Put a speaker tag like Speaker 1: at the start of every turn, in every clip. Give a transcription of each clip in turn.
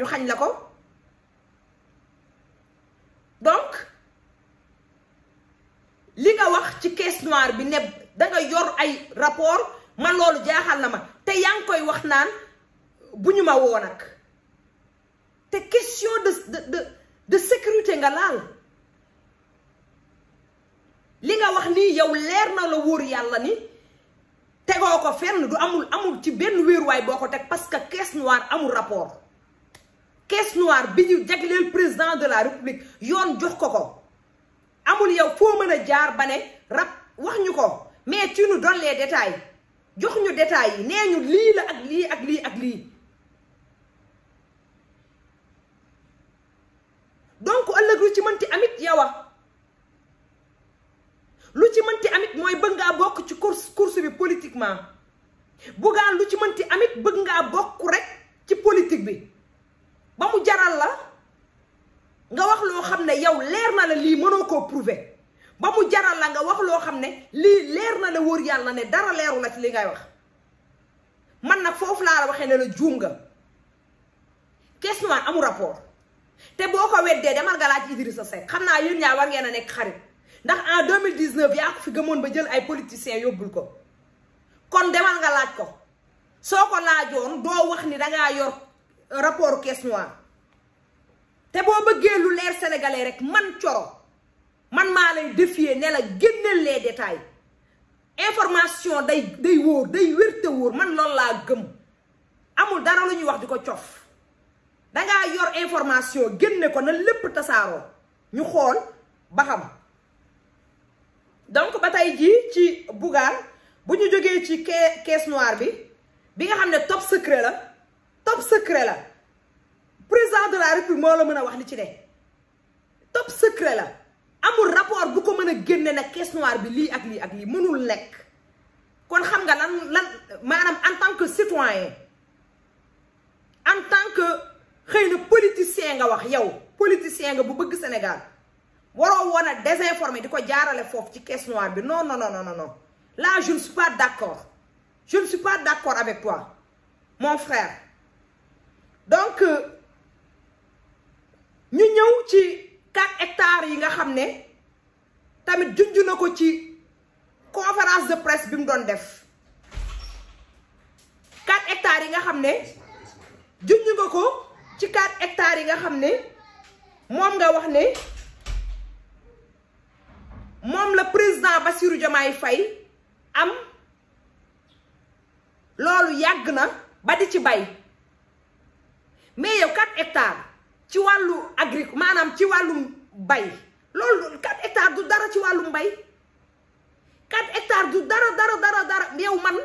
Speaker 1: ñu xañ la ko donc li nga wax ci caisse noire bi ne danga nga yor ay rapport man loolu jaaxal na ma te yaa ngi koy wax naan bu ñu ma woo nag te question de de de nga laal li nga wax nii yow leer na la wóor yàlla ni tegoo ko fenn du amul amul ci benn wéeruwaay boo ko teg parce que caisse noire amul rapport caisse noire bi ñu jagleel président de la république yoon jox ko ko amul yow foo mën a jaar ba ne rab wax ñu ko mais tu nous donnes les détails jox ñu détails yi nee ñu lii la ak lii ak lii ak lii donc ëllëg lu ci mënti amit yow a lu ci mënti amit mooy bëgg ngaa bokk ci course course bi politiquement buggaan lu ci mënti amit bëgg ngaa bokk rek ci politique bi ba mu jaral la nga wax loo xam ne yow leer na la lii mënoo koo prouver ba mu jaral la nga wax loo xam ne lii leer na la wóor yàlla ne dara leeru la ci li ngay wax man nag foofu laa la waxee ne la juum nga question amul rapport te boo ko weddee demal nga laaj Idrissa Seck xam naa yéen ñaa war ngeen a nekk xarit ndax en 2019 yaa ko fi gëmoon ba jël ay politiciens yóbbul ko kon demal nga laaj ko soo ko laajoon doo wax ni dangaa yor rapport caisse noire te boo bëggee lu leer sénégalais rek man coro man maa lay défier ne la génneel les détails information day day wóor day wér te wóor man loolu laa gëm amul dara lu ñuy wax di ko cof dangaa yor information génne ko na lépp tasaaroo ñu xool ba xam donc ba tey jii ci Bougane bu ñu jógee ci caisse noire bi bi nga xam ne top secret la top secret la président de la république moo la mën a wax ni ci ne top secret la amul rapport bu ko mën a génne nag caisse noire bi lii ak lii ak lii mënul nekk kon xam nga lan lan maanaam en tant que citoyen en tant que xëy na politicien nga wax yow politicien nga bu bëgg Sénégal waroo woon a désinformer di ko jaarale foofu ci caisse noire bi non non non non non là je ne suis pas d'accord je ne suis pas d'accord avec toi mon frère donc euh, ñu ñëw ci 4 hectares yi nga xam ne tamit junj na ko ci conférence de presse bi mu doon def 4 hectares yi nga xam ne junj nga ko ci 4 hectares yi nga xam ne moom nga wax ne moom la président Bassirou Diomaye Faye am loolu yàgg na ba di ci bay mais yow 4 hectares ci wàllu agri maanaam ci wàllum bay loolu 4 hectares du dara ci wàllum bay 4 hectares du dara dara dara dara yow man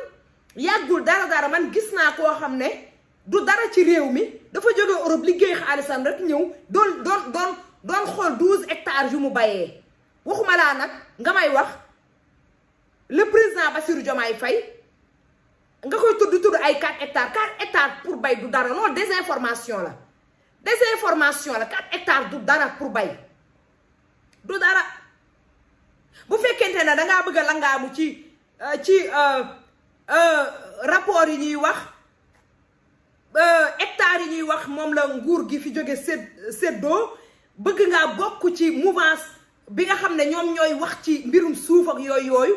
Speaker 1: yàggul dara dara man gis naa koo xam ne du dara ci réew mi dafa jóge Europe liggéey xaalisam rek ñëw doon doon doon doon xool 12 hectares yu mu bayee waxuma laa nag nga may wax le président Bassirou Diomaye fay nga koy tudd tudd ay 4 hectares 4 hectares pour bay du dara non désinformation la désinformation la 4 hectares du dara pour bay du dara bu fekkente na dangaa bëgg a langaamu ci euh, ci euh, euh, rapport yi ñuy wax hectares yi ñuy wax moom la nguur gi fi jóge sédd séddoo bëgg ngaa bokk ci mouvance bi nga xam ne ñoom ñooy wax ci mbirum suuf ak yooyu yooyu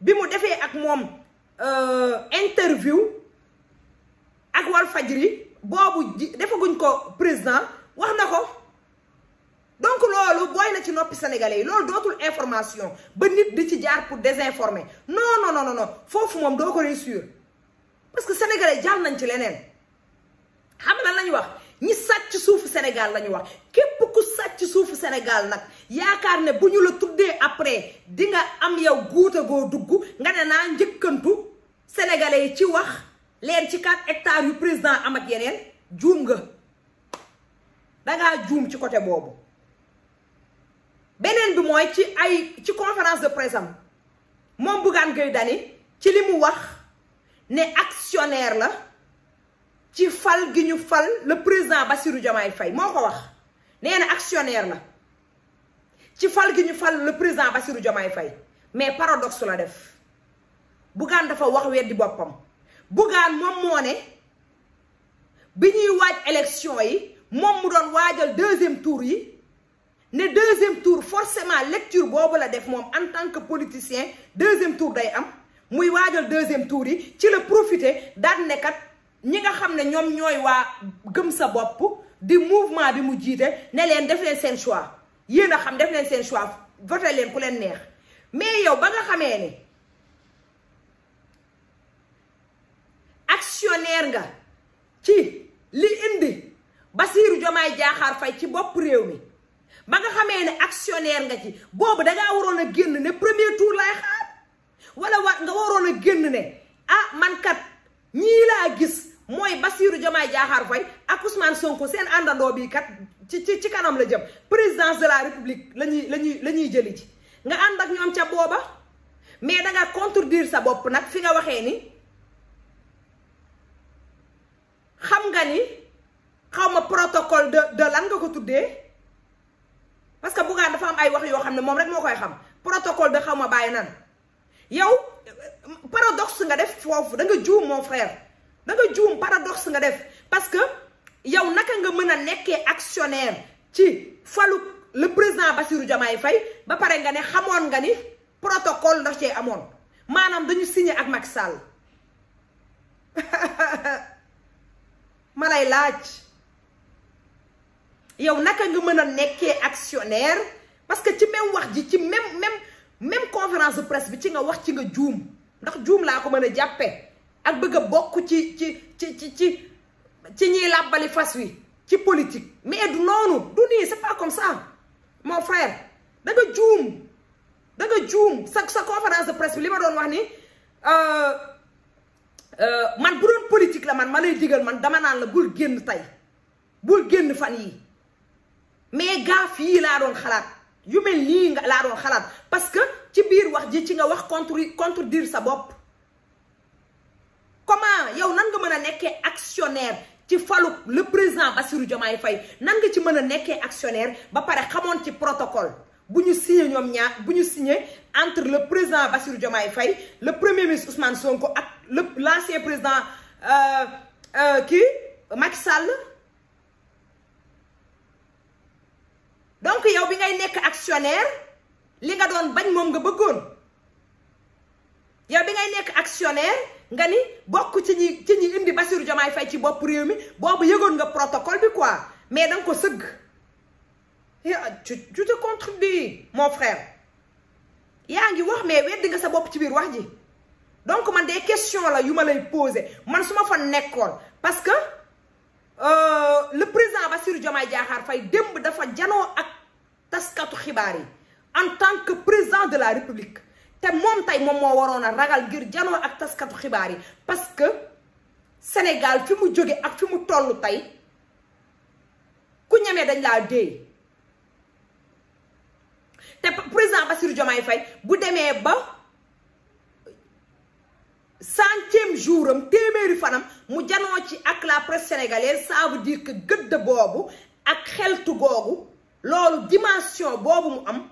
Speaker 1: bi mu defee ak moom euh, interview ak Walfadjri boobu ji defaguñ ko président wax na ko donc loolu booy na ci noppi sénégalais yi loolu dootul information ba nit di ci jaar pour désinformer non non non non foofu moom doo ko réussir parce que sénégalais jàll nañ ci leneen xam na lañu wax ñi sàcc suufu Sénégal lañu wax képp ku sàcc suufu Sénégal nag. yaakaar ne bu ñu la tuddee après dinga am yow guuta goo dugg nga ne naa njëkkantu sénégalais yi ci wax leen ci quatre hectares yu président am ak yeneen juum nga dangaa juum ci côté boobu beneen bi mooy ci ay ci conférence de presse am moom Bougane gëy dale ci li mu wax ne actionnaire la ci fal gi ñu fal le président basiru Diomaye fay moo ko wax nee actionnaire la ci fal gi ñu fal le président Bassirou Diomaye fay mais paradoxe la def Bougane dafa wax weddi boppam Bougane moom moo ne bi ñuy waaj élection yi moom mu doon waajal deuxième tour yi ne deuxième tour forcément lecture boobu la def moom en tant que politicien deuxième tour day am muy waajal deuxième tour yi ci la profité daan nekkat ñi nga xam ne ñoom ñooy waa gëm sa bopp di mouvement bi mu jiite ne leen def leen seen choix yéen a xam def leen seen choix voté leen ku leen neex mais yow ba nga xamee ni actionnaire nga ci li indi Bassirou Diomaye Diakhar fay ci bopp réew mi ba nga xamee ne actionnaire nga ci boobu dangaa waroon a génn ne premier tour lay xaar wala wa nga waroon a génn ne ah man kat ñii laa gis mooy Bassirou Diomaye Diakhar Faye ak Ousmane Sonko seen àndandoo bi kat ci ci ci kanam la jëm présidence de la république la ñuy la la ñuy jëli ci nga ànd ak ñoom ca booba mais da nga contredire sa bopp nag fi nga waxee ni xam nga ni xaw ma protocole de de lan nga ko tuddee parce que Bougane dafa am ay wax yoo xam ne moom rek moo koy xam protocole de xaw ma bàyyi nan yow paradoxe nga def foofu danga nga juum mon frère da nga juum paradoxe nga def parce yow naka nga mën a nekkee actionnaire ci falu le président Bassirou Diomaye Faye ba pare nga ne xamoon nga ni protocole ndax cee amoon maanaam dañu signé ak Macky Sall ma lay laaj yow naka nga mën a nekkee actionnaire parce que ci même wax ji ci même même même conférence de presse bi ci nga wax ci nga juum ndax juum laa ko mën a jàppe ak bëgg a bokk ci ci ci ci ci ci ñiy làbbali fas wi ci politique mais du noonu du nii c'est pas comme ça mon frère da juum da juum sa sa conférence de presse li ma doon wax ni euh, euh, man bu doon politique la man ma lay digal man dama naan la bul génn tey bul génn fan yi mais gaaf yii laa doon xalaat yu mel nii nga laa doon xalaat parce que ci biir wax ji ci nga wax contre contredire sa bopp comment yow mën nekkee actionnaire ci falu le président Bassirou Diomaye fay nan nga ci mën a nekkee actionnaire ba pare xamoon ci protocole bu ñu signé ñoom ñaar bu ñu signé entre le président Bassirou Diomaye fay le premier ministre Ousmane Sonko ak la l'ancien président kii euh, euh, Macky Sall donc yow bi ngay nekk actionnaire li nga doon bañ moom nga bëggoon yow bi ngay nekk actionnaire nga ni bokk ci ñi ci ñi indi Bassirou Diomaye Faye ci bopp réew mi boobu yëgoon nga protocole bi quoi mais da ko sëgg tu tu te contredis mon yaa ngi wax mais weddi nga sa bopp ci biir wax ji donc man de question la yu ma lay poser man su ma fa nekkoon parce que euh, le président Bassirou Diomaye Diakhar Faye démb dafa janoo ak taskatu xibaar yi en tant que président de la République te moom tey moom moo waroon a ragal ngir janoo ak taskatu xibaar yi parce que Sénégal fi mu jóge ak fi mu toll tey ku ñemee dañ laa déey te président Bassirou Diomaye Faye bu demee ba centième jour am téeméeri fanam mu janoo ci ak la presse sénégalaise ça veut dire que gëdd boobu ak xeltu googu loolu dimension boobu mu am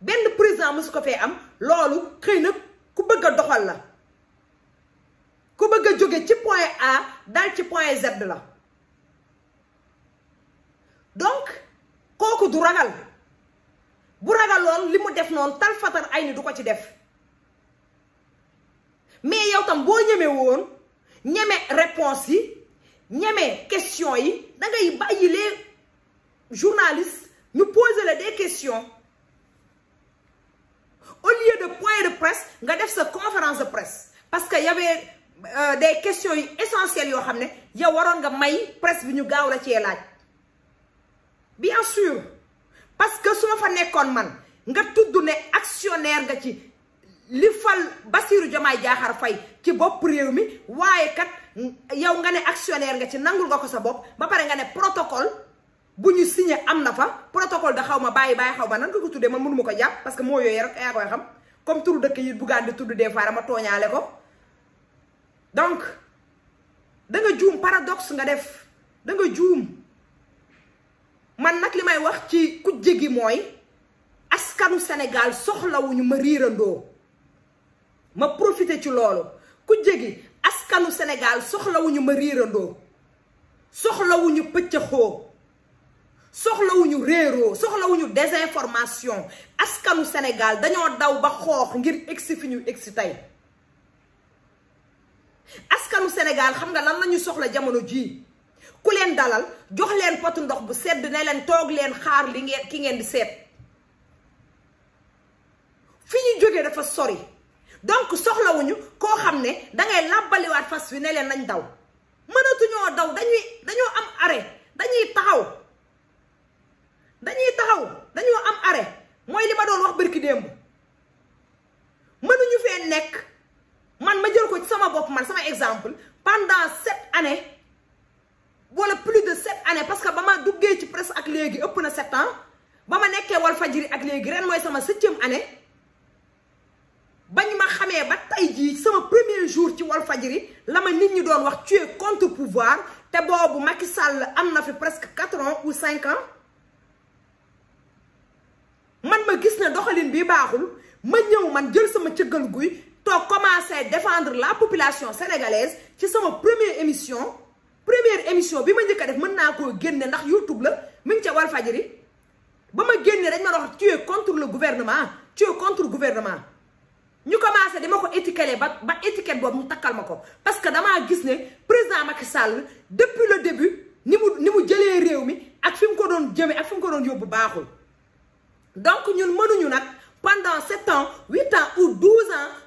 Speaker 1: benn président mosu ko fee am loolu xëy na ku bëgg doxal la ku bëgg a jóge ci point A dal ci point Z la donc kooku du ragal bu ragaloon li mu def noonu tal fatar ay ni du ko ci def mais yow tam boo ñeme woon ñeme réponse yi ñeme question yi da ngay bàyyi les ñu poser la des questions au lieu de point de presse nga def sa conférence de presse parce que y avait euh, des questions yu yoo xam ne yow waroon nga may presse bi ñu gaaw la cee laaj bien sûr parce que su ma fa nekkoon man nga tudd ne actionnaire nga ci li fal Bassirou Diomaye Diakhar fay ci bopp réew mi waaye kat yow nga ne actionnaire nga ci nangul nga ko sa bopp ba pare nga ne protocole bu ñu signé am na fa protocole da xaw ma bàyyi bàyyi xaw ma nan nga ko tuddee man mënuma ko jàpp parce que moo yooyu yaa koy xam comme turu dëkk yi buggaan di tudd des fois ma tooñaale ko donc da nga juum paradoxe nga def da nga juum man nag li may wax ci ku jégi mooy askanu Sénégal soxlawuñu ma riirandoo ma profité ci loolu ku askanu Sénégal soxlawuñu ma riirandoo soxlawuñu pëccëxoo soxlawuñu réeroo soxlawuñu désinformation askanu senegaal dañoo daw ba xoox ngir egsi fi ñu egsi tey askanu Sénégal xam nga lan la soxla jamono ji ku leen dalal jox leen potu ndox bu sedd ne leen toog leen xaar li ngeen ki ngeen di seet fi ñu jógee dafa sori donc soxlawuñu koo xam ne dangay làbbaliwaat fas wi ne leen nañ daw mënatuñoo daw dañuy dañoo am are dañuy taxaw dañuy taxaw dañoo am arrêt mooy li ma doon wax bërki démb mënuñu fee nekk man ma jël ko ci sama bopp man sama exemple pendant sept années wala plus de sept années parce que ba ma duggee ci presse ak léegi ëpp na sept ans ba ma nekkee wal fajiri ak léegi ren mooy sama septième année bañ ma xamee ba tey jii sama premier jour ci wal fajiri la ma nit ñi doon wax tu es contre pouvoir te boobu Macky Sall am na fi presque quatre ans ou cinq ans man ma gis ne doxalin bi baaxul ma ñëw man jël sama cëggal guy toog commencé défendre la population sénégalaise ci sama première émission première émission bi ma njëkk def mën naa koo génne ndax YouTube la mi ngi ca ri ba ma génne dañ ma dox tu es contre le gouvernement tu es contre gouvernement ñu commencé di ma ko étiqueté ba ba étiquette boobu mu takkal ma ko parce que damaa gis ne président Macky sàll depuis le début ni mu ni mu jëlee réew mi ak fi mu ko doon jëme ak fi ko doon yóbbu baaxul donc ñun mënuñu nag pendant sept ans huit ans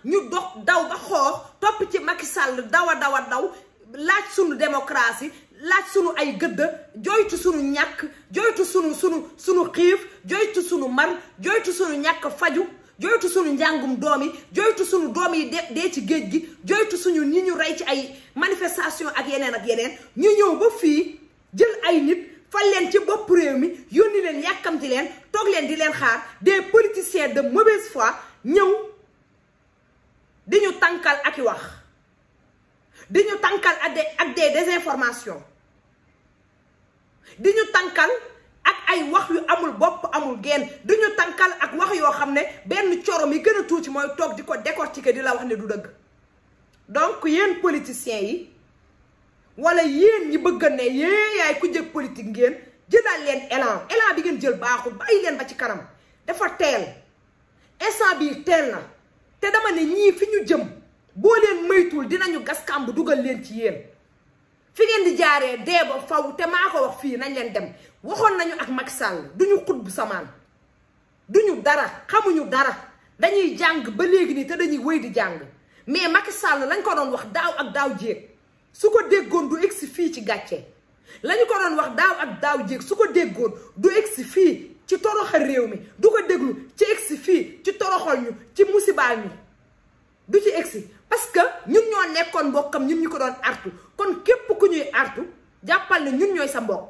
Speaker 1: ñu dox daw ba xoox topp ci Macky Sall dawa dawa daw laaj sunu démocratie laaj sunu ay gëdd joytu sunu ñàkk joytu sunu sunu xiif joytu suñu mar joytu sunu ñàkk faju joytu suñu njàngum doom yi joytu suñu doom yi de dee ci géej gi joytu suñu ñi ñu rey ci ay manifestation ak yeneen ak yeneen ñu ñëw ba fii jël ay nit fal leen ci bopp réew mi yónni leen yàkkamti leen toog leen di leen xaar des politiciens de mauvaise fois ñëw di ñu tànkal ak wax diñu tànkal ak des diñu tànkal ak ay wax yu amul bopp amul genn diñu tànkal ak wax yoo xam ne benn corom mi gën a tuuti mooy toog di ko décortiquer di la wax ne du dëgg donc yéen politiciens yi wala yéen ñi bëgg a ne yee yaay ku jëkk politique ngeen jëlaat leen élan élan bi ngeen jël baaxul bàyyi leen ba ci kanam dafa teel instant bii teel na te dama ne ñii fi ñu jëm boo leen maytul dinañu gas kàmb dugal leen ci yéen fi ngeen di jaaree dee ba faw te maa ko wax fii nañ leen dem waxoon nañu ak Macky Sall duñu xut bu samaan duñu dara xamuñu dara dañuy jàng ba léegi nii te dañuy wéy di jàng mais Macky Sall lañ ko doon wax daaw ak daaw jéeg su ko déggoon du egsi fii ci gàcce lañu ko doon wax daaw ak daaw jéeg su ko déggoon du egsi fii ci toroxal réew mi du ko déglu ci egsi fii ci toroxal ñu ci musibaal ñu du ci egsi parce que ñun ñoo nekkoon mbokkam ñun ñu ko doon artu kon képp ku ñuy artu jàppal ne ñun ñooy sa mbokk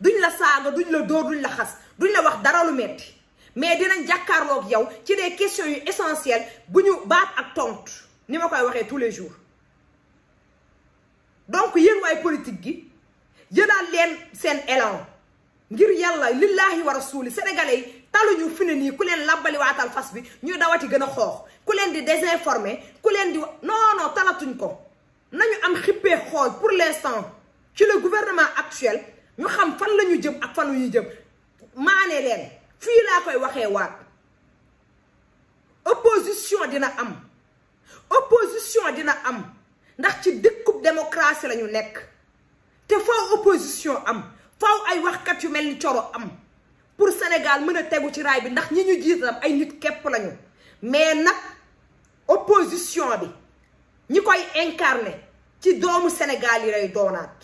Speaker 1: duñ la saaga duñ la dóor duñ la xas duñ la wax dara lu metti mais dinañ jàkkaarloog yow ci des questions yu essentielles bu ñu baat ak tontu ni ma koy waxee tous les jours donc yéen waay politique gi jëlaat leen seen élan ngir yàlla lillahi wa rasuli sénégalais yi talu ñu fi ne nii ku leen labbali waatal fas bi ñuy dawati gën a xoox ku leen di désinformer ku leen di non non talatuñ ko nañu am xippee xool pour l'instant ci la gouvernement actuel ñu xam fan la ñu jëm ak fan ñu jëm maane leen fii laa koy waxee waat opposition dina am opposition dina am ndax ci dëkkub démocratie la ñu nekk te faw opposition am faw ay waxkat yu mel ni coro am pour Sénégal mën a tegu ci raay bi ndax ñi ñu jiitam ay nit képp lañu mais nag opposition bi ñi koy incarné ci doomu Sénégal yi lay doonaat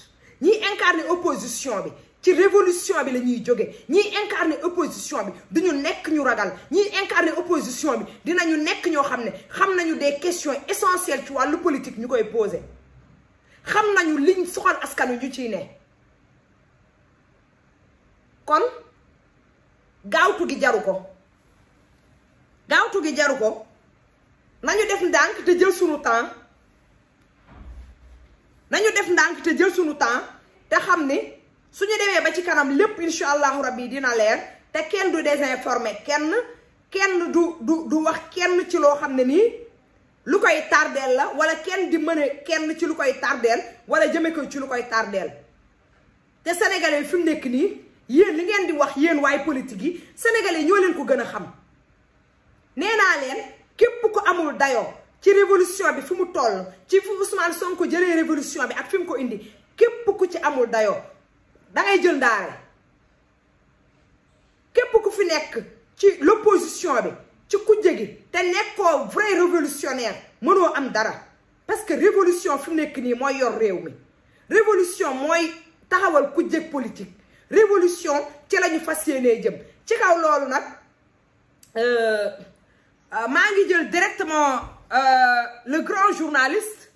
Speaker 1: ñi incarné opposition bi ci révolution bi la ñuy jóge ñiy incarné opposition bi du nekk ñu ragal ñiy incarné opposition bi dinañu nekk ñoo xam ne xam nañu des question essentielles ci wàllu politique ñu koy posé xam nañu liñ soxal askan wi ñu ci ne kon gaawtu gi jaru ko gaawtu gi jaru ko nañu def ndànk te jël sunu temps nañu def ndànk te jël sunu temps te xam ni suñu demee ba ci kanam lépp incha allahu rabbi dina leer te kenn du désinformé kenn kenn du du du wax kenn ci loo xam ne nii lu koy tardeel la wala kenn di mën kenn ci lu koy tardeel wala jëme ko ci lu koy tardeel te sénégalais fi mu nekk nii yéen li ngeen di wax yéen waaye politique yi sénégalais ñoo leen ko gën a xam nee naa leen képp ko amul dayoo ci révolution bi fi mu toll ci fi Ousmane Sonko jëlee révolution bi ak fi ko indi képp ku ci amul dayoo dangay jël ndaare képp ku fi nekk ci l'opposition bi ci kujje gi te nekkoo vrai révolutionnaire mënoo am dara parce que révolution fi nekk nii mooy yor réew mi révolution mooy taxawal kujje politique révolution ci la ñu fas yéenee jëm ci kaw loolu nag euh, euh, maa ngi jël directement euh, le grand journaliste